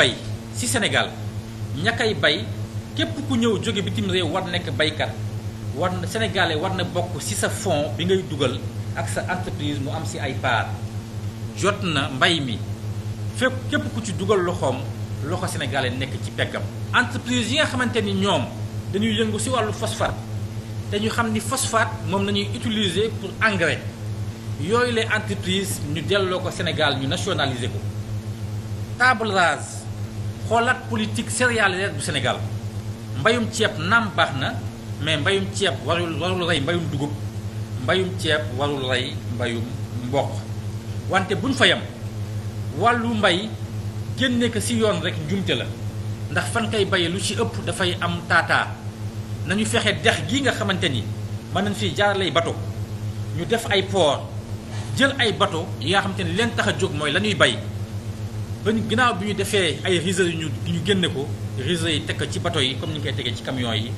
bay si Sénégal ña koy bay képp ku ñëw jóge bitim réew war nekk baykat war na sénégalais war na bokk si sa fonds bi ngay dugal ak sa entreprise mu am si ay part jot na mbay mi fépp képp ku ci dugal loxoom loxo sénégalais nekk ci peggam. entreprise yi nga xamante ni ñoom dañuy yëngu si wàllu phosphate te ñu xam ni phosphate moom la ñuy utiliser pour engrais yooyule les entreprise ñu delloo ko Sénégal ñu nationalisé ko table xoolaat politique céréalière bu senegal mbayum ceeb naam baax na mais mbayum ceeb warul warul rey mbayum dugub mbayum ceeb warul rey mbayum mboq wante buñ fa yem wàllu mbay jën nekk ci yoon rek njumte la ndax fan koy baye lu ci ëpp dafay am taataa nañu fexe dex gi nga xamante ni mën nañ fi jaaralay bato ñu def ay port jël ay bato yi nga xamante ni leen tax a jóg mooy la ñuy bay ba ñu ginnaaw bi ñu defee ay réseaux yu ñu ñu génne ko réseaux yi teg ci bateau yi comme ni ñu koy tegee ci camion yi